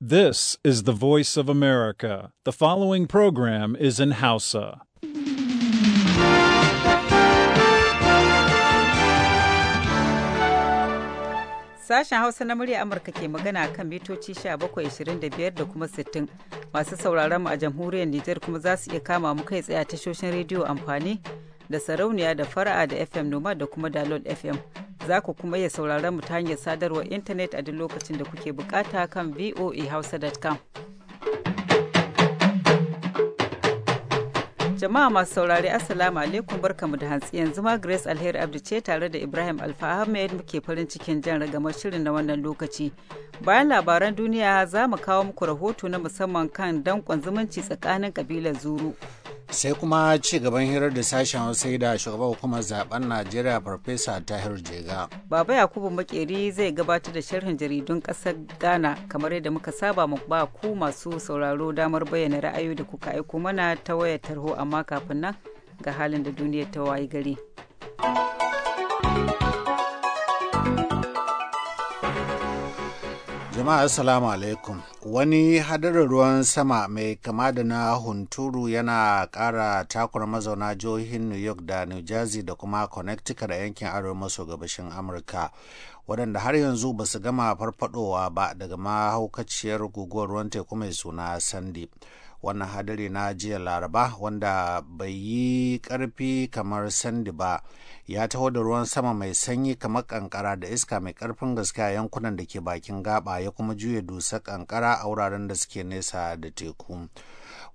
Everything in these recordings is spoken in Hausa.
This is the voice of America. The following program is in Hausa. Sashen Hausa na murya Amurka ke magana kan mitoci 1725 da kuma 60 masu sauraron mu a jamhuriyar Nijar kuma za su iya kama mu kai tsaye a tashoshin rediyo amfani da sarauniya da fara'a da FM Noma da kuma Dalol FM. Za ku kuma iya sauraron mu ta hanyar sadarwar intanet a duk lokacin da kuke bukata kan voahausa.com. Jama'a masu saurari Assalamu alaikum barkamu da hantsi yanzu ma Grace Alheri Abdu ce tare da Ibrahim Alfa Ahmed muke farin cikin jan ragamar shirin na wannan lokaci. Bayan labaran duniya za mu kawo muku rahoto na musamman kan dankon zumunci tsakanin kabilar Zuru. sai kuma ci gaban hirar da sashen hausa da shugaban hukumar zaben najeriya farfesa tahir jega baba yakubu makeri zai gabatar da sharhin jaridun kasar ghana kamar yadda muka saba mu ba ku masu sauraro damar bayyana ra'ayoyi da kuka aiko mana ta wayar tarho amma kafin nan ga halin da duniyar ta wayi gari. Jama'a Assalamu alaikum. Wani hadarin ruwan sama mai kama da na hunturu yana kara takura mazauna jihohin New York da New Jersey da kuma Connecticut da yankin arewa maso gabashin Amurka. Waɗanda har yanzu ba su gama farfadowa ba daga mahaukaciyar guguwar ruwan teku mai suna Sandy. wannan hadari na jiya laraba wanda bai yi karfi kamar sandi ba ya taho da ruwan sama mai sanyi kamar kankara da iska mai karfin gaske a yankunan da ke bakin gaba ya kuma juya dusa kankara a wuraren da suke nesa da teku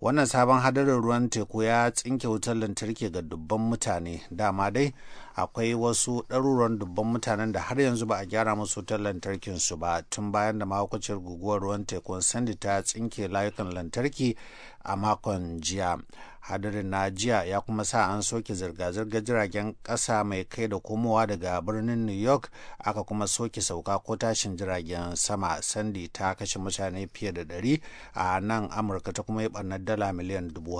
wannan sabon hadarin ruwan teku ya tsinke wutar lantarki ga dubban mutane dama dai akwai wasu ɗaruruwan dubban mutanen da har yanzu ba a gyara musu wutar lantarkin su ba tun bayan da mahaukaciyar guguwar ruwan tekun sandi ta tsinke layukan lantarki a makon jiya hadarin na jiya ya kuma sa an soke zirga-zirgar jiragen ƙasa mai kai da komowa daga birnin new york aka kuma soke sauka ko tashin jiragen sama Sandi ta kashe mutane fiye da 100 a nan amurka ta kuma yi barnar dala miliyan dubu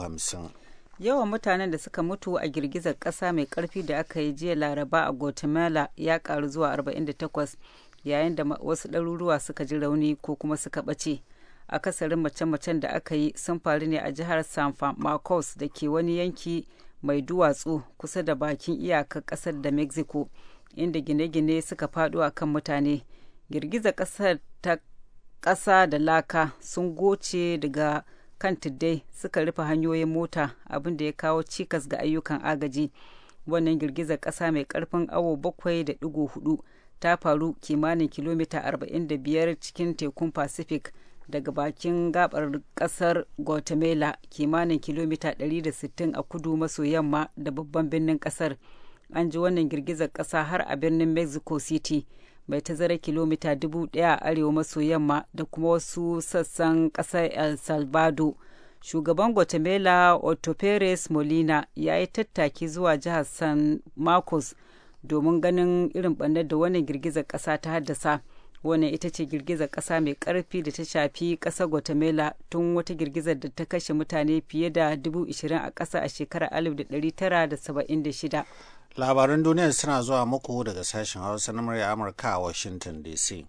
yawan mutanen da suka mutu a girgizar ƙasa mai ƙarfi da aka yi jiya laraba a guatemala ya ƙaru zuwa 48 yayin da wasu ɗaruruwa suka ji rauni ko kuma suka ɓace akasarin mace-macen da aka yi sun faru ne a jihar san marcos da ke wani yanki mai duwatsu kusa da bakin iyakar ƙasar da mexico inda gine-gine suka faɗo a kan mutane girgizar ƙasar ta ƙasa da laka sun goce daga kan tuddai suka rufe hanyoyin mota abin da ya kawo cikas ga ayyukan agaji wannan girgizar ƙasa mai ƙarfin awo bakwai da ɗigo hudu ta faru kimanin kilomita 45 cikin tekun pacific daga bakin gabar ƙasar guatemala kimanin kilomita 160 a kudu maso yamma da babban birnin ƙasar an ji wannan girgizar ƙasa har a birnin mexico city mai tazara kilomita dubu daya a arewa maso yamma da kuma wasu sassan kasar el salvador shugaban guatemala otto perez molina ya yi tattaki zuwa jihar san marcos domin ganin irin ɓannar da wannan girgizar kasa ta haddasa wannan ita ce girgizar kasa mai karfi da ta shafi ƙasar guatemala tun wata girgizar da ta kashe mutane fiye da 20,000 a kasa a shekarar shida. labaran duniya suna zuwa muku daga sashen hausa na murya amurka a washington dc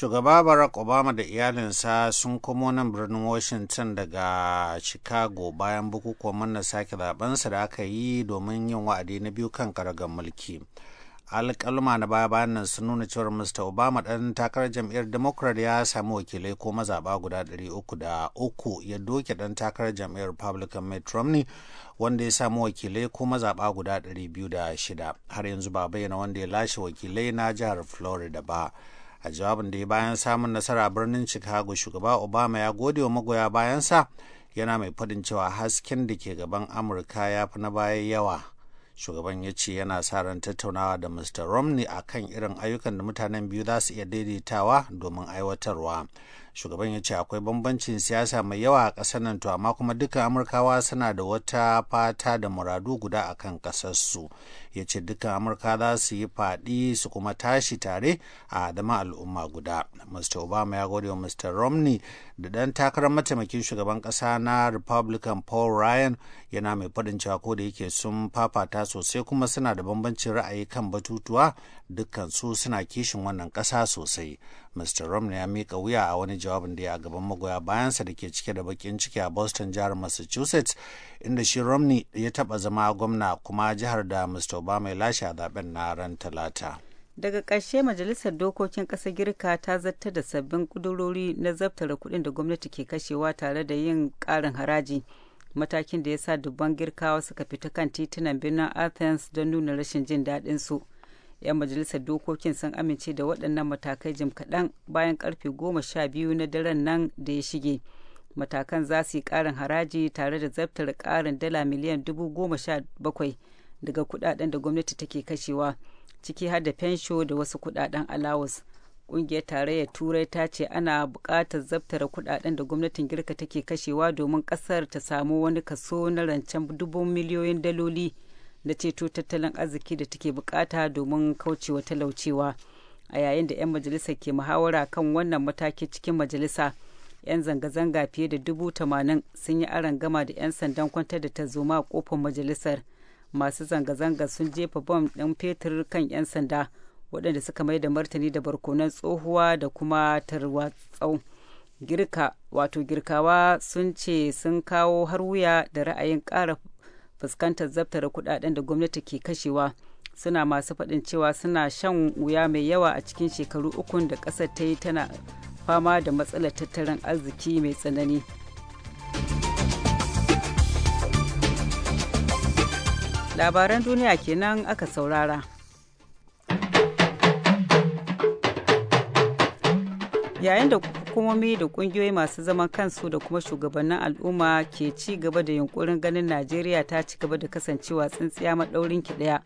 Shugaba Barack Obama da iyalinsa sun komo nan birnin Washington daga Chicago bayan bukukuwan manna sake zabensa da aka yi domin yin wa'adi na biyu kan karagar mulki. alkalma na baya bayan nan sun nuna cewar Mr. Obama dan takarar jam'iyyar Democrat ya sami wakilai ko mazaba guda 303 ya doke dan takarar jam'iyyar Republican Mitt Romney wanda ya samu wakilai ko mazaba guda 206 har yanzu ba bayyana wanda ya lashe wakilai na jihar Florida ba. a jawabin da ya bayan samun nasara a birnin chicago shugaba obama ya gode wa magoya bayansa yana mai fadin cewa hasken da ke gaban amurka ya fi na baya yawa shugaban ya ce yana sa ran tattaunawa da mr romney a kan irin ayyukan da mutanen biyu za su iya daidaitawa domin aiwatarwa shugaban ya ce akwai bambancin siyasa mai yawa a ƙasar nan to amma kuma dukkan amurkawa suna da wata fata da muradu guda a kan ƙasarsu ya ce dukkan amurka za su yi faɗi su kuma tashi tare a zama al'umma guda mr obama ya gode wa mr romney da ɗan takarar mataimakin shugaban ƙasa na republican paul ryan yana mai faɗin cewa ko da yake sun fafata sosai kuma suna da bambancin ra'ayi kan batutuwa dukkansu suna kishin wannan ƙasa sosai mr romney ya mika wuya a wani jawabin da ya gaban magoya bayansa da ke cike da bakin ciki a boston jihar massachusetts inda shi romney ya taba zama gwamna kuma jihar da mr obama ya lashe a zaben na ran talata daga ƙarshe majalisar dokokin ƙasar girka ta zartar da sabbin ƙudurori na zabtar kuɗin da gwamnati ke kashewa tare da yin ƙarin haraji matakin da ya sa dubban girkawa suka fita kan titunan birnin athens don nuna rashin jin daɗinsu su 'yan majalisar dokokin sun amince da waɗannan matakai jim kaɗan bayan karfe goma sha biyu na daren nan da ya shige matakan za su yi ƙarin haraji tare da zabtar ƙarin dala miliyan dubu goma sha bakwai daga kuɗaɗen da gwamnati take kashewa ciki har da fensho da wasu kuɗaɗen alawus ƙungiyar tarayyar turai ta ce ana buƙatar zabtara kuɗaɗen da gwamnatin girka take kashewa domin ƙasar ta samu wani kaso na rancen dubu miliyoyin daloli na ceto tattalin arziki da take bukata domin kaucewa talaucewa a yayin da 'yan majalisar ke muhawara kan wannan mataki cikin majalisa 'yan zanga-zanga fiye da dubu tamanin sun yi aron gama da 'yan sandan kwantar da ta zo a kofar majalisar masu zanga-zanga sun jefa bom ɗin fetur kan 'yan sanda waɗanda suka mai da martani da barkonan tsohuwa da kuma tarwatsau girka wato girkawa sun ce sun kawo har wuya da ra'ayin ƙara fuskantar zaftar kudaden da gwamnati ke kashewa suna masu faɗin cewa suna shan wuya mai yawa a cikin shekaru ukun da ƙasar ta yi tana fama da matsalar tattalin arziki mai tsanani labaran duniya kenan aka saurara yayin da hukumomi da kungiyoyi masu zaman kansu da kuma shugabannin al'umma ke ci gaba da yunkurin ganin najeriya ta ci gaba da kasancewa tsintsiya maɗaurin ki ɗaya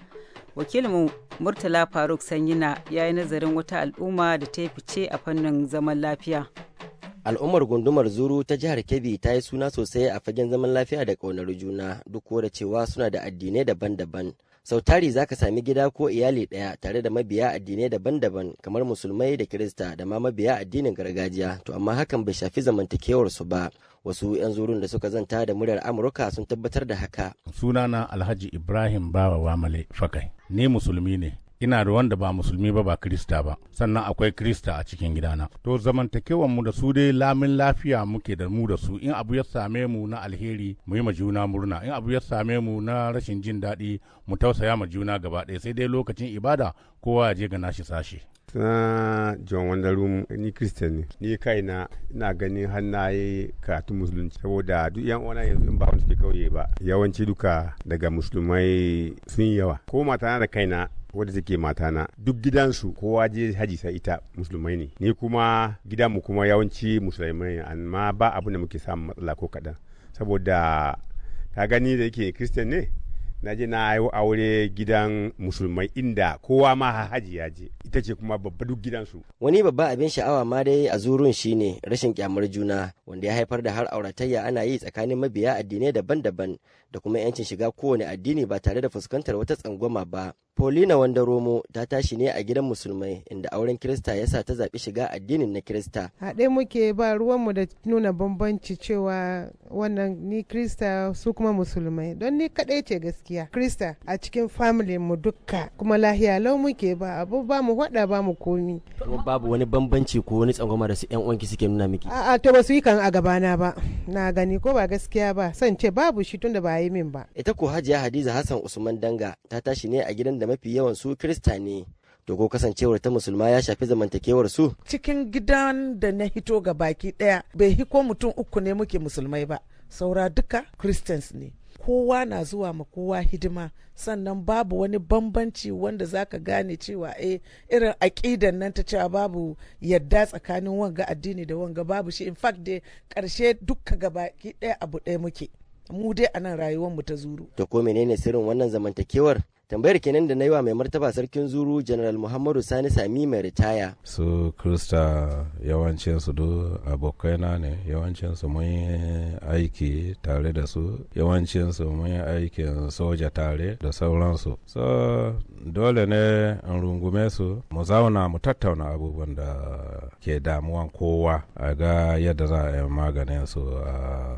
wakilin murtala faruk sanyina ya yi nazarin wata al'umma da ta yi fice a fannin zaman lafiya al'ummar gundumar zuru ta jihar kebbi ta yi suna sosai a fagen zaman lafiya da ƙaunar juna duk da cewa suna da addinai daban-daban sau tari za ka sami gida ko iyali ɗaya tare da mabiya addinai daban-daban kamar musulmai da kirista da ma mabiya addinin gargajiya to amma hakan bai shafi zamantakewarsu ba wasu 'yan zurun da suka zanta da muryar amurka sun tabbatar da haka sunana alhaji ibrahim bawa wamale fakai ni musulmi ne ina da wanda ba musulmi ba ba krista ba sannan akwai krista a cikin gidana to zamantakewan mu da su dai lamin lafiya muke da mu da su in abu ya same mu na alheri mu yi ma juna murna in abu ya same mu na rashin jin daɗi mu tausaya ma juna gaba ɗaya sai dai lokacin ibada kowa ya je ga nashi sashe suna john wandarum ni christian ne ni kaina ina ganin hannaye karatu musulunci saboda duk yan uwana yanzu in ba wani suke kauye ba yawanci duka daga musulmai sun yawa ko matana da kaina wadda take matana duk gidansu kowa je haji sai ita musulmai ne ni kuma mu kuma yawanci musulmai amma ba abin da muke samun matsala ko kaɗan saboda ka gani da yake christian ne na je na yi aure gidan musulmai inda kowa ma haji ya je ita ce kuma babba duk gidansu wani babba abin sha'awa ma dai a zurun shine rashin kyamar juna wanda ya haifar da har auratayya ana yi tsakanin mabiya addinai daban-daban da kuma yancin shiga kowane addini ba tare da fuskantar wata tsangwama ba Paulina romo ta tashi ne a gidan musulmai inda auren Kirista ya sa ta zaɓi shiga addinin na Kirista. Haɗe muke ba ruwanmu da nuna bambanci cewa wannan ni Kirista su kuma musulmai don ni kaɗai ce gaskiya. lafiya. krista a cikin family mu duka. kuma lahiya lau muke ba abu ba mu hada ba mu komi kuma babu wani bambanci ko wani tsangwama da su yan uwanki suke nuna miki a'a to ba su yi kan a gabana ba na gani ko ba gaskiya ba san ce babu shi tunda ba yi min ba ita ko hajiya hadiza hassan usman danga ta tashi ne a gidan da mafi yawan su krista ne to ko kasancewar ta musulma ya shafi zamantakewar su cikin gidan da na hito ga baki ɗaya bai hiko mutum uku ne muke musulmai ba saura duka christians ne kowa na zuwa ma kowa hidima sannan babu wani bambanci wanda za ka gane cewa eh irin aƙidan nan ta cewa babu yadda tsakanin wanga addini da wanga babu shi in fact dai ƙarshe dukka gaba ɗaya abu ɗaya muke mu dai a nan rayuwar mu ta zuru. To ko menene sirrin wannan zamantakewar? tambayar kenan da na yi wa mai martaba sarkin zuru general muhammadu sani sami mai ritaya su krista yawancin su do abokaina ne yawancin su mun yi aiki tare da su yawancin su mun yi aikin soja tare da sauransu so dole ne in rungume su mu zauna mu tattauna abubuwan da ke damuwan kowa a ga yadda za a yi maganin su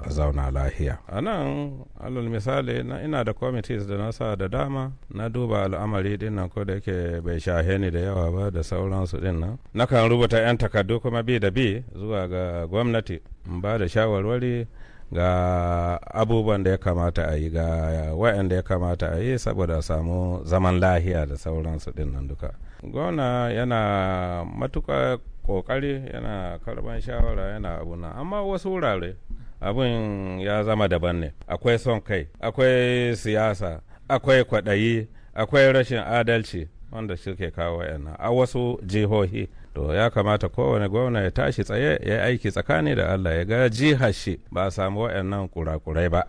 a zauna lahiya a nan alal misali ina da committees da na sa da dama na duba al'amari din nan ko da yake bai shahe ni da yawa ba da sauransu din nan nakan rubuta 'yan takardu kuma bi da bi zuwa ga gwamnati in ba da shawarwari ga abubuwan da ya kamata a yi ga wa'anda ya kamata a yi saboda samu zaman lahiya da sauransu din nan duka gwamna yana matuka ƙoƙari yana karban shawara yana abuna amma wasu wurare abin ya zama daban ne akwai son kai akwai siyasa akwai kwaɗayi akwai rashin adalci wanda suke kawo yana a wasu jihohi to ya kamata kowane gwamna ya tashi tsaye ya yi aiki tsakani da Allah ya ga jihar shi ba a samu waɗannan kurakurai ba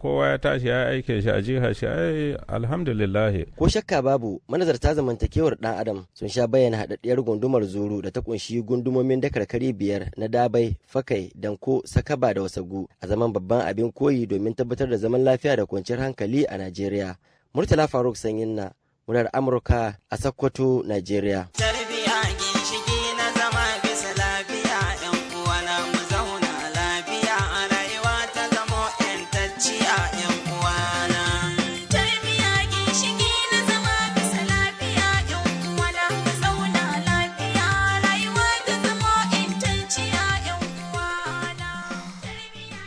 kowa ya tashi ya aikin shi a jihar shi ai alhamdulillah ko shakka babu manazarta zamantakewar dan adam sun sha bayyana haɗaɗɗiyar gundumar zuru da ta kunshi gundumomin dakarkari biyar na dabai fakai danko sakaba da wasagu a zaman babban abin koyi domin tabbatar da zaman lafiya da kwanciyar hankali a Najeriya Murtala Faruk Sanyin na murar Amurka a Sokoto, Najeriya.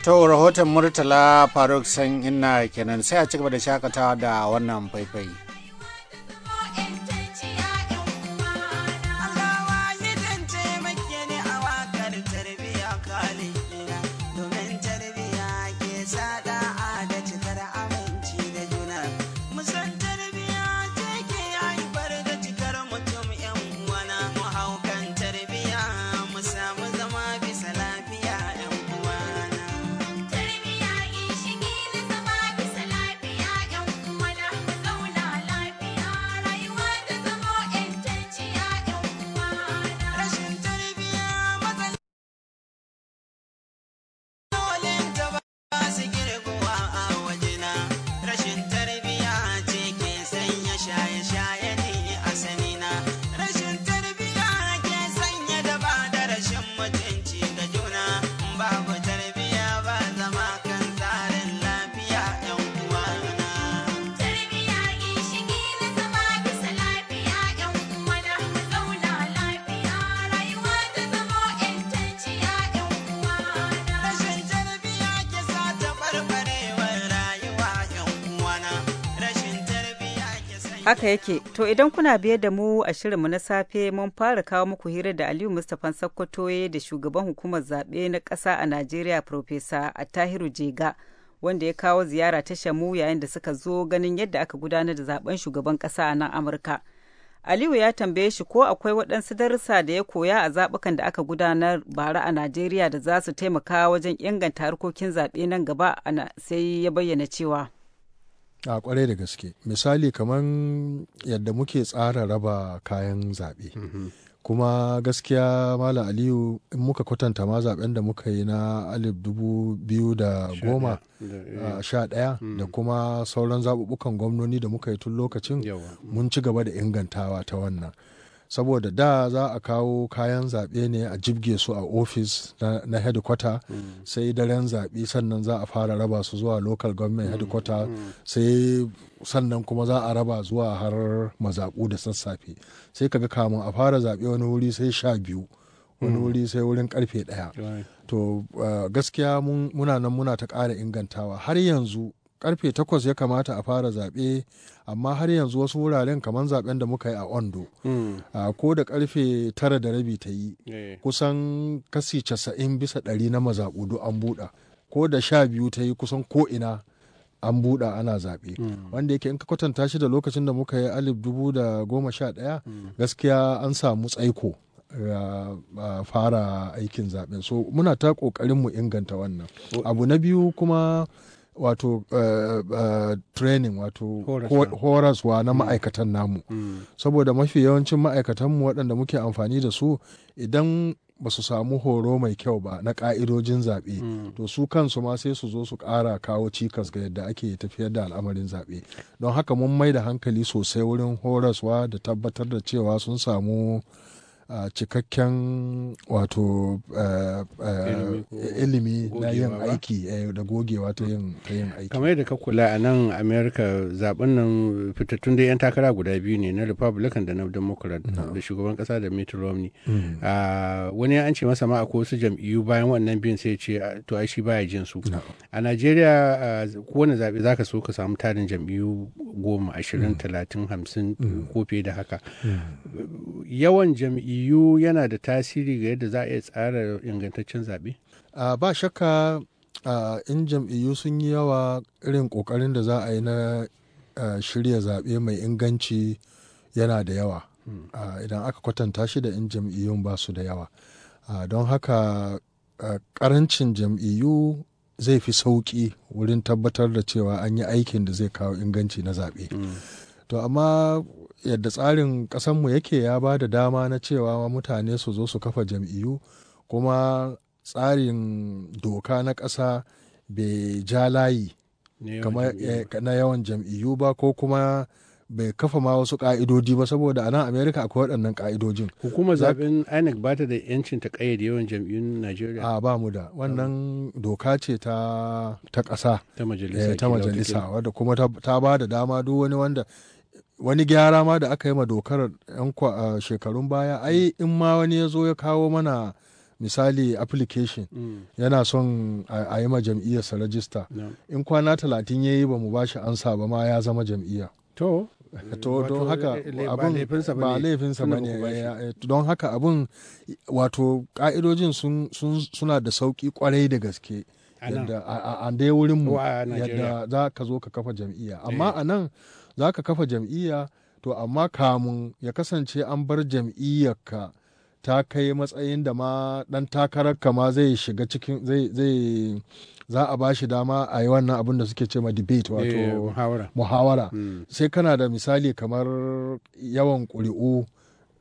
to rahoton murtala faruk san inna kenan sai a cigaba da shakatawa da wannan faifai Haka yake, to idan kuna biye da mu a shirinmu na safe mun fara kawo muku hira da Aliyu Mustapha Sakkwato da shugaban hukumar zaɓe na ƙasa a Najeriya Profesa Attahiru Jega wanda ya kawo ziyara ta shamu yayin da suka zo ganin yadda aka gudanar da zaben shugaban ƙasa a nan Amurka. Aliyu ya tambaye shi ko akwai waɗansu darussa da ya koya a zaɓukan da aka gudanar bara a Najeriya da za su taimaka wajen inganta harkokin zaɓe nan gaba sai ya bayyana cewa. a kwarai da gaske misali kamar yadda muke tsara raba kayan zaɓe mm-hmm. kuma gaskiya malam aliyu in muka kwatanta ma zaben da muka yi na alif dubu biyu da goma sha ɗaya da eh. mm. kuma sauran zaɓuɓɓukan gwamnoni da muka yi tun lokacin mun ci gaba da ingantawa ta wannan saboda da za a kawo kayan zaɓe ne a jibge su a ofis na, headquarter hedikwata mm. sai daren zaɓe sannan za a fara raba su zuwa local government mm. hedikwata mm. sai sannan kuma za a raba zuwa har mazaɓu da sassafe sai kaga kamun a fara zaɓe wani wuri sai sha biyu wani wuri sai wurin karfe ɗaya to eh, gaskiya muna nan muna ta ƙara ingantawa har yanzu karfe 8 ya kamata a fara zaɓe amma har yanzu wasu wuraren kamar zaɓen da muka yi a ondo hmm. ko da karfe 9 da rabi ta yi eh. kusan kasi casa'in bisa ɗari na mazaɓudu an buɗa ko da sha biyu ta yi kusan ko ina an buɗa ana zaɓe hmm. wanda yake in ka kwatanta shi da lokacin da muka yi alif dubu da goma sha ɗaya hmm. gaskiya an samu tsaiko fara aikin zaɓen so muna ta ƙoƙarin mu inganta wannan abu na biyu kuma wato eh, eh, training wato horaswa na hmm. ma'aikatan namu hmm. saboda mafi yawancin ma'aikatanmu waɗanda muke amfani da su idan ba su samu horo mai kyau ba na ƙa'idojin zaɓe hmm. to su kansu ma sai su zo su ƙara kawo cikas ga yadda ake tafiyar da al'amarin zaɓe don haka mun mai da hankali sosai wurin horaswa da tabbatar da cewa sun samu uh, cikakken wato ilimi na yin aiki eh, da gogewa ta yin aiki kamar yadda ka kula a nan america zaben nan fitattun da 'yan takara guda biyu ne na republican da na democrat da shugaban kasa da mitt romney hmm. wani an ce masa ma a wasu jam'iyyu bayan wannan biyun sai ce to ai shi baya jin su a nigeria kowane zaɓe za ka so ka samu tarin jam'iyyu goma ashirin hmm. talatin hamsin hmm. ko fiye da haka yawan jam'iyyu 'iyu yana da tasiri ga yadda za a iya tsara ingantaccen zaɓe? ba shakka in jam'iyyu sun yi yawa irin ƙoƙarin da za a yi na shirya zaɓe mai inganci yana da yawa idan aka kwatanta shi da in jam'iyyun ba su da yawa don haka ƙarancin jam'iyyu zai fi sauƙi wurin tabbatar da cewa an yi aikin da zai kawo inganci na zaɓe mm. to amma yadda tsarin ƙasanmu yake ya ba da dama na cewa mutane su zo su kafa jam'iyyu kuma tsarin doka na ƙasa bai ja layi na yawan eh, jam'iyyu ba ko kuma bai kafa ma wasu ka'idodi ba saboda a nan amerika akwai waɗannan ka'idojin. hukumar zaɓen inec ba ta da yancin ta ƙayyade yawan jam'iyyun najeriya a ba mu da wannan doka ce ta ta ƙasa ta eh, majalisa wadda kuma ta ba da dama duk wani wanda wani gyara ma da aka yi ma dokar yan shekarun baya ai mm. in ma wani ya zo ya kawo mana misali application mm. yana son a yi ma jam'iyyarsa rajista in kwana talatin ya yi ba mu bashi ansa ba ma ya zama jam'iyya to don haka eh, abun ba laifinsa ba ne eh, eh, don haka abun wato ka'idojin suna da sauki kwarai da gaske yadda a dai wurinmu yadda za ka zo ka kafa jam'iyya amma a nan za ka kafa jam'iyya to amma kamun ya kasance an bar jam'iyyarka ta kai matsayin da ma ɗan takararka ma zai shiga cikin zai za a ba shi dama a yi wannan abin da suke ce ma debate wato eh, muhawara hmm. sai kana da misali kamar yawan ƙuri'u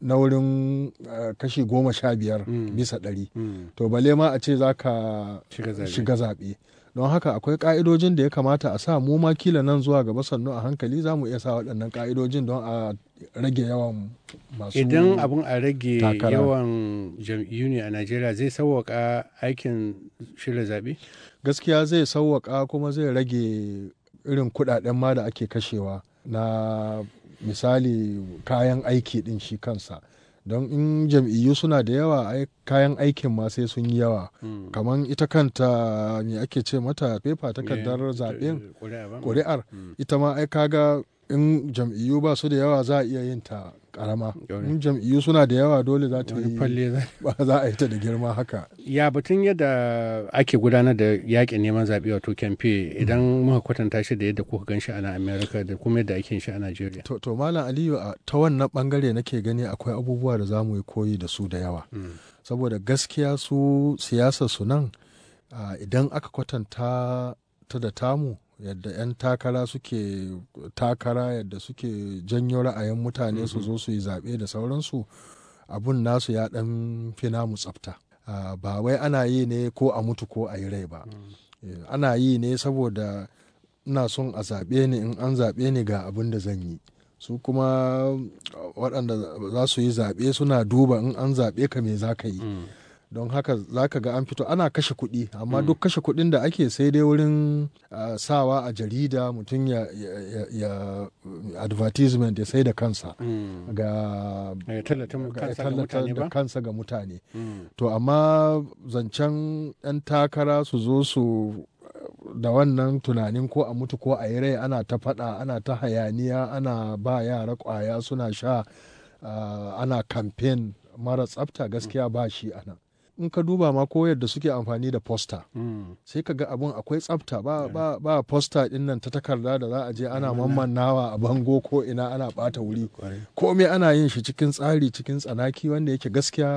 na wurin eh, kashi goma sha biyar hmm. bisa ɗari hmm. to bale ma a ce za ka shiga zaɓe don haka akwai ka'idojin da ya kamata a sa mu ma kila nan zuwa gaba sannu a hankali za mu iya sa waɗannan ka'idojin don a rage yawan masu idan abin a rage yawan jam'iyyu a najeriya zai sauwaƙa aikin shirya zaɓe gaskiya zai sauwaƙa kuma zai rage irin kuɗaɗen ma da ake kashewa na misali kayan aiki ɗin shi kansa don in jam'iyyu suna da yawa kayan aikin ma sai sun yi yawa hmm. kamar ita kanta me ake ce mata fefa takardar zaɓen eh, ƙuri'ar hmm. ita ma ai kaga in jam'iyyu ba su da yawa za a iya yin ta karama in jam'iyyu suna da yawa dole za ta yi ba za a yi ta da girma haka ya batun yadda ake gudanar da yakin neman zaɓe wato kyamfe idan muka kwatanta shi da yadda kuka gan shi a na da kuma yadda ake shi a Najeriya. to, malam aliyu ta wannan bangare nake gani akwai abubuwa da za mu yi koyi da su da yawa hmm. saboda gaskiya su siyasa su nan idan aka kwatanta ta da tamu yadda 'yan takara suke takara yadda suke janyo ra'ayin mutane su mm-hmm. zo su yi zaɓe da sauransu abun nasu ya ɗan fi namu tsafta ba wai ana yi ne ko a mutu ko a yi rai ba mm-hmm. eh, ana yi ne saboda ina son a zaɓe ni in an zaɓe ni ga abin da zan yi su kuma waɗanda za su yi zaɓe suna duba in an zaɓe ka me za ka yi mm. don haka za ka ga an fito ana kashe kuɗi amma hmm. duk kashe kuɗin da ake sai dai wurin sawa a jarida mutum ya, advertisement ya sai da kansa hmm. ga tallata da kansa ga mutane hmm. to amma zancen 'yan takara su zo su da wannan tunanin ko a mutu ko a yi rai ana ta faɗa ana ta hayaniya ana ba yara kwaya suna sha ana kamfen mara tsafta gaskiya ba shi a in ka duba ma ko yadda suke amfani da posta mm. sai ka ga abun akwai tsafta ba fosta posta din nan ta takarda da za a je ana mammannawa a bango ko ina ana bata wuri komai ana yin shi cikin tsari cikin tsanaki wanda yake gaskiya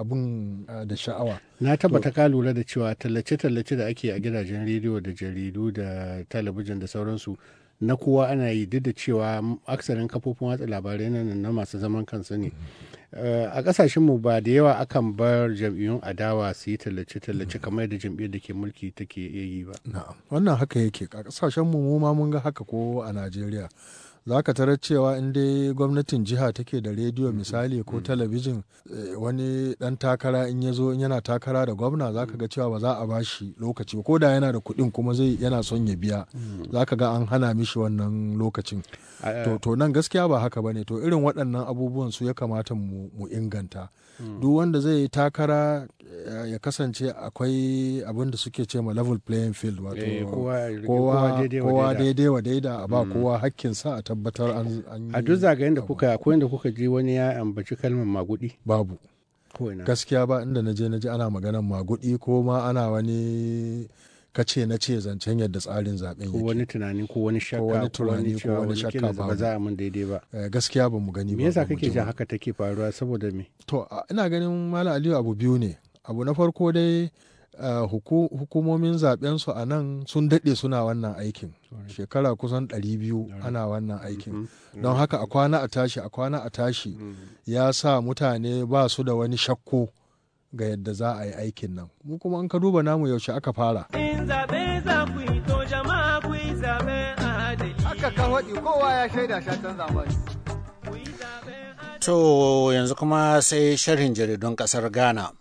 abun da sha'awa na tabbata ka lura da cewa tallace-tallace da ake a gidajen rediyo da jaridu da talabijin da sauransu na kowa ana yi duk da cewa aksarin kafofin watsa labarai na masu zaman kansu ne mm. Eh, a kasashenmu ba da yawa akan bar jam'iyyun adawa su yi tallace-tallace mm. kamar yadda jam'iyyar da ke mulki take yi ba. wannan haka yake a kasashenmu mu ma mun ga haka ko a najeriya za ka tarar cewa in dai gwamnatin jiha take da rediyo misali ko mm-hmm. talabijin eh, wani dan takara in ya zo yana takara da gwamna za ka ga cewa ba za a bashi lokaci ko da yana da kuɗin kuma zai yana son ya biya mm-hmm. za ka ga an hana mishi wannan lokacin to nan gaskiya ba haka ba ne to irin waɗannan abubuwan su ya kamata mu inganta mm. duk wanda zai yi takara eh, ya kasance akwai abin da suke ce ma level playing field wato eh, kowa daidai wa daida a ba mm. kowa hakkinsa a tabbatar an a duk zagayen da kuka akwai inda kuka ji wani ya ambaci kalmar magudi babu gaskiya ba inda na je na ji ana maganar magudi ko ma ana wani kace na ce zancen yadda tsarin zaben yake ko wani tunani ko wani shakka ko wani tunani ko wani shakka ba za a mun daidai ba eh, gaskiya ba mu gani ba me yasa kake jin haka take faruwa saboda me to ina ganin malam aliyu abu biyu ne abu na farko dai Eh, uh, zaɓen su a nan sun daɗe suna wannan aikin shekara kusan 200 ana wannan aikin mm-hmm. don mm-hmm. haka a kwana a tashi a kwana a tashi mm-hmm. ya sa mutane ba su da wani shakko ga yadda za a yi aikin nan mu kuma an ka duba namu yaushe aka fara haka To yanzu kuma sai sharhin jaridun ƙasar Ghana.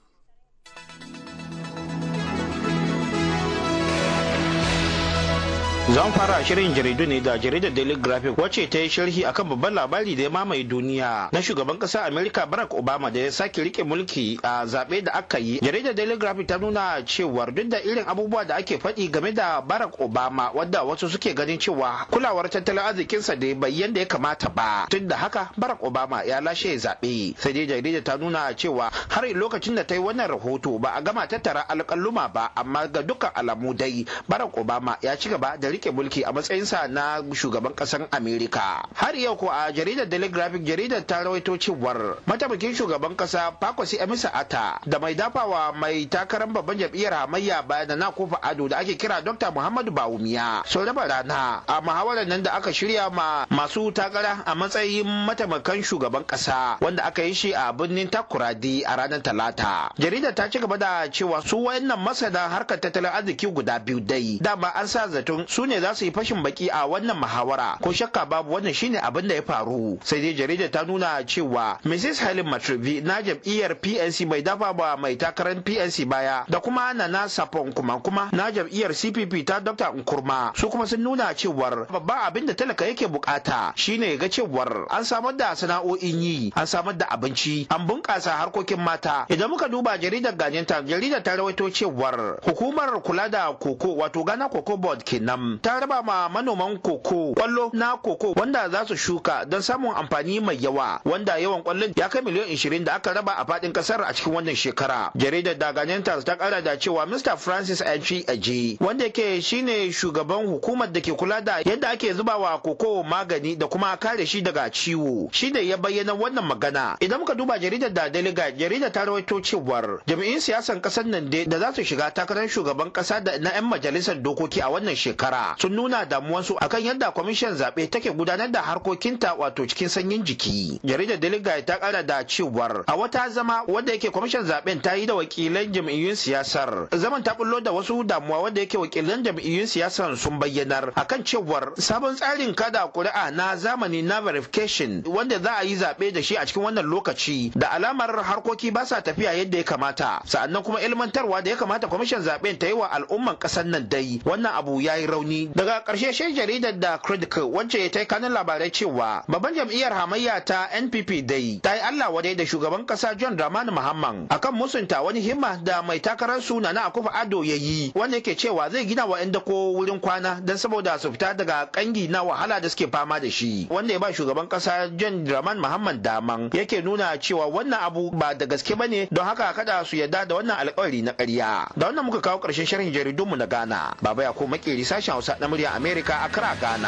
Zan fara shirin jaridu ne da jaridar Daily Graphic wacce ta yi sharhi akan babban labari da ya mamaye duniya na shugaban kasa Amerika Barack Obama da ya sake rike mulki a zaɓe da aka yi. Jaridar Daily Graphic ta nuna cewa duk da irin abubuwa da ake faɗi game da Barack Obama wadda wasu suke ganin cewa kulawar tattalin arzikinsa da bai yanda ya kamata ba. Tun da haka Barack Obama ya lashe zaɓe. Sai dai jaridar ta nuna cewa har lokacin da ta yi wannan rahoto ba a gama tattara alƙaluma ba amma ga dukkan alamu dai Barack Obama ya ci gaba da rike yake mulki a matsayinsa na shugaban ƙasar Amerika. Har yau ko a jaridar Daily Graphic jaridar ta rawaito cewar mataimakin shugaban ƙasa Fakwasi Emisa Ata da mai dafawa mai takarar babban jam'iyyar hamayya bayan da na kofa ado da ake kira Dr. Muhammadu Bawumiya. Sau raba rana a muhawarar nan da aka shirya ma masu takara a matsayin mataimakan shugaban ƙasa wanda aka yi shi a birnin Takuradi a ranar Talata. Jaridar ta ci gaba da cewa su wayannan masana harkar tattalin arziki guda biyu dai dama an sa zaton su ne ne za su yi fashin baki a wannan muhawara ko shakka babu wannan shine abin da ya faru sai dai jaridar ta nuna cewa Mrs. Helen Matrivi na jam'iyyar PNC bai dafa ba mai takarar PNC baya da kuma Nana Sapon kuma kuma na jam'iyyar CPP ta Dr. Nkurma su kuma sun nuna cewar babban abin da talaka yake bukata shine ga cewar an samar da sana'o'in yi an samar da abinci an bunkasa harkokin mata idan muka duba jaridar Ghanaian ta jaridar ta rawaito cewar hukumar kula da koko wato Ghana Cocoa Board kenan ta raba ma manoman koko kwallo na koko wanda za su shuka don samun amfani mai yawa wanda yawan kwallon ya kai miliyan 20 da aka raba a fadin kasar a cikin wannan shekara. Jaridar Daganyen Times ta kara da cewa Mr. Francis anchi Aji wanda yake shine shugaban hukumar da ke kula da yadda ake zuba wa koko magani da kuma kare shi daga ciwo. Shi da ya bayyana wannan magana. Idan muka duba jaridar da daliga jaridar ta rawaito cewar jami'in siyasan kasar nan da za su shiga takarar shugaban kasa da na 'yan majalisar dokoki a wannan shekara. sun nuna damuwansu akan yadda kwamishin zaɓe take gudanar da harkokinta wato cikin sanyin jiki. Jaridar Deligai ta ƙara da cewar a wata zama wadda yake kwamishin zaɓen ta yi da wakilan jam'iyyun siyasar. Zaman ta bullo da wasu damuwa wadda yake wakilan jam'iyyun siyasar sun bayyanar akan cewar sabon tsarin kada kuri'a na zamani na verification wanda za a yi zaɓe da shi a cikin wannan lokaci da alamar harkoki ba sa tafiya yadda ya kamata sa'annan kuma ilmantarwa da ya kamata kwamishin zaɓen ta yi wa al'umman ƙasar nan dai wannan abu ya yi rauni daga ƙarshe shi jaridar da critical wacce ta yi kanin labarai cewa babban jam'iyyar hamayya ta npp dai ta yi allah wadai da shugaban ƙasa john dramani muhamman akan musunta wani himma da mai takarar suna na akufa ado ya yi wanda yake cewa zai gina wa 'yan dako wurin kwana don saboda su fita daga kangi na wahala da suke fama da shi wanda ya ba shugaban kasa john dramani muhamman daman yake nuna cewa wannan abu ba da gaske ba ne. don haka kada su yarda da wannan alkawari na ƙarya da wannan muka kawo ƙarshen shirin jaridunmu na ghana baba ya ko makeri sashen hausa Hausa na murya Amerika a kira Ghana.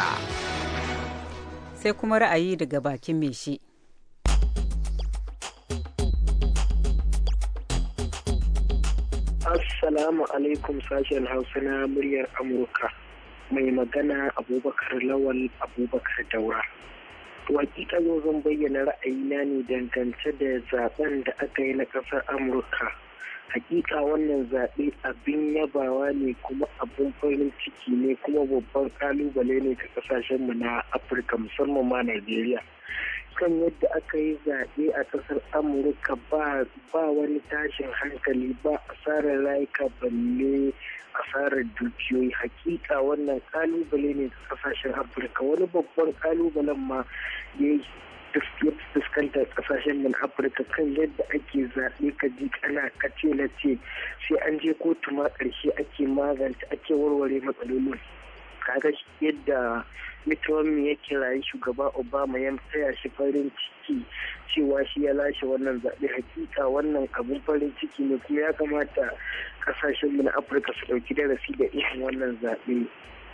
Sai kuma ra'ayi daga bakin mai shi. Assalamu alaikum sashen Hausa na muryar Amurka. Mai magana Abubakar Lawal Abubakar Daura. Wakita zan bayyana ra'ayina ne dangance da zaben da aka yi na ƙasar Amurka. hakika wannan zaɓe abin yabawa ne kuma abin farin ciki ne kuma babban kalubale ne ga mu na afirka musamman ma najeriya kan yadda aka yi zaɓe a ƙasar amurka ba wani tashin hankali ba asarar rayuka balle asarar dukiyoyi hakika wannan kalubale ne ga kasashen afirka wani babban kalubalen ma ya fuskantar kasashen min afirka kan yadda ake zaɓe ka ji kana kace na ce sai an je kotu ma ƙarshe ake magance ake warware matsalolin kaga yadda mutumin ya yi shugaba obama ya tsaya shi farin ciki cewa shi ya lashe wannan zaɓe hakika wannan abin farin ciki ne kuma ya kamata kasashen min afirka su ɗauki darasi da irin wannan zaɓe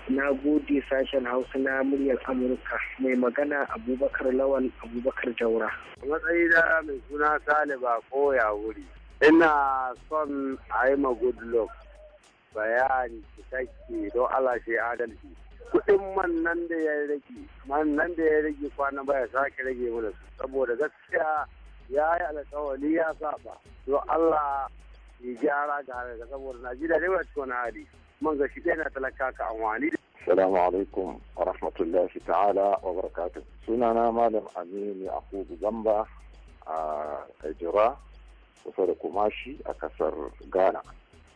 na gode sashen hausa na muryar amurka mai magana abubakar lawal abubakar jaura matsayi da mai suna saliba ko ya wuri ina son a yi ma luck, bayani cikakke don allah adalci kudin man nan da ya rage man nan da ya rage kwana baya sake rage mana saboda gaskiya ya yi alkawari ya saba don allah ya gyara ga saboda najeriya da yawa cikin hali man gashi shi yana talaka ka amfani da alaikum wa rahmatullahi ta'ala wa barakatuh. Sunana Malam Aminu Akubu Gamba a Kajira kusa da Kumashi a kasar Ghana.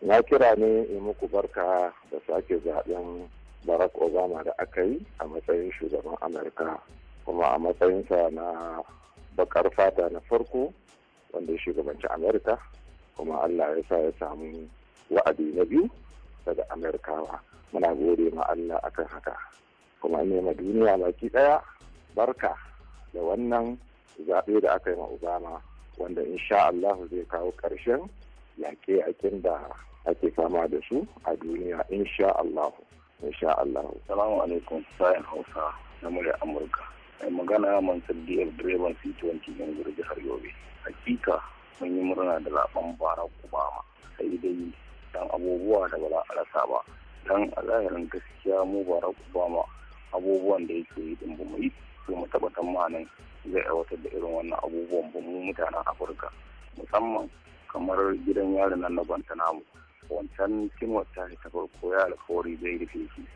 Na kira ne in muku barka da sake zaben Barack Obama da aka yi a matsayin shugaban Amurka kuma a matsayinsa na bakar fata na farko wanda ya shugabanci Amurka kuma Allah ya sa ya samu wa'adi na biyu daga amurkawa muna gode ma allah akan haka kuma nema duniya baki daya barka da wannan zaɓe da aka yi ma obama wanda insha allah zai kawo ƙarshen yaƙe akin da ake fama da su a duniya insha allah insha allah salamu alaikum sayan hausa na murya amurka mai magana man diyar direban c20 yan gurji har yobe hakika mun yi murna da zaben barak obama sai dai dan abubuwa da ba za a rasa ba dan a zahirin gaskiya mu ba ba ma abubuwan da yake yi din bamu mu yi to mu tabbatar ma nan zai aiwatar da irin wannan abubuwan ba mu mutanen afirka musamman kamar gidan yari nan na guantanamo wancan kimar ta ta farko ya alkawari zai rufe shi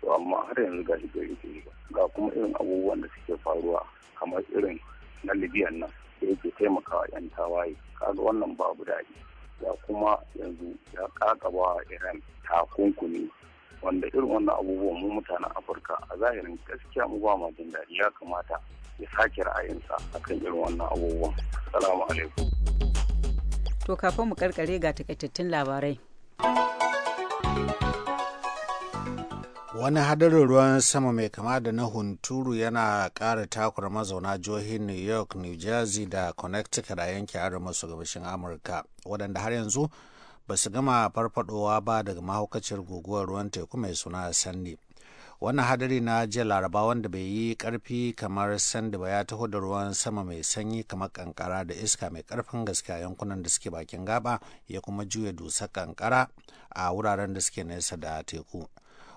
to amma har yanzu ga shi bai rufe ba ga kuma irin abubuwan da suke faruwa kamar irin na libyan nan da yake taimakawa yan tawaye kaga wannan babu daɗi ya kuma yanzu ya kakaba iran takunkumi wanda irin wannan abubuwan mu mutanen afirka a zahirin gaskiya mu ba ma jin daɗi ya kamata ya sake ra'ayinsa akan irin wannan abubuwan salamu alaikum to kafin mu karkare ga takaitattun labarai wani hadarin ruwan sama mai kama da na hunturu yana kara takura mazauna jihohin new york new jersey da connecticut a yankin arewa maso gabashin amurka waɗanda har yanzu ba su gama farfadowa ba daga mahaukacin guguwar ruwan teku mai suna sandy wani hadari na jiya laraba wanda bai yi karfi kamar sanda ba ya taho da ruwan sama mai sanyi kamar kankara da iska mai karfin gaske a yankunan da suke bakin gaba ya kuma juya dusar kankara a wuraren da suke nesa da teku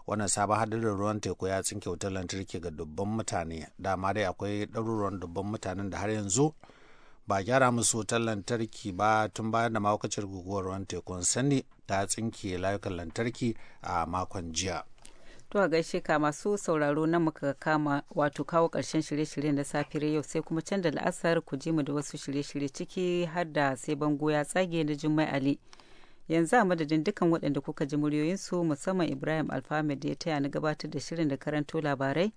wannan sabon hadarin ruwan teku ya tsinke wutar lantarki ga dubban mutane dama dai akwai ɗaruruwan dubban mutanen da har yanzu ba gyara musu wutar lantarki ba tun bayan da makwacin guguwar ruwan tekun sani ta tsinke layukan lantarki a makon jiya to a gaishe ka masu sauraro na muka kama wato kawo karshen shirye-shiryen na safiyar yau sai kuma can da la'asar ku ji mu da wasu shirye-shirye ciki har da sai bango ya tsage na jummai ali yanzu a madadin dukkan waɗanda kuka ji muryoyinsu musamman ibrahim alfahmi da ya taya ni gabatar da shirin da karanto labarai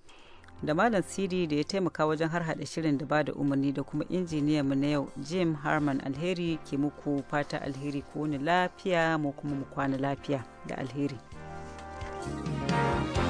da malam siri da ya taimaka wajen har hada shirin da ba da umarni da kuma injiniya mu na yau jim harman alheri ke muku fata alheri ko wani lafiya mu kuma mu kwana lafiya da alheri thank you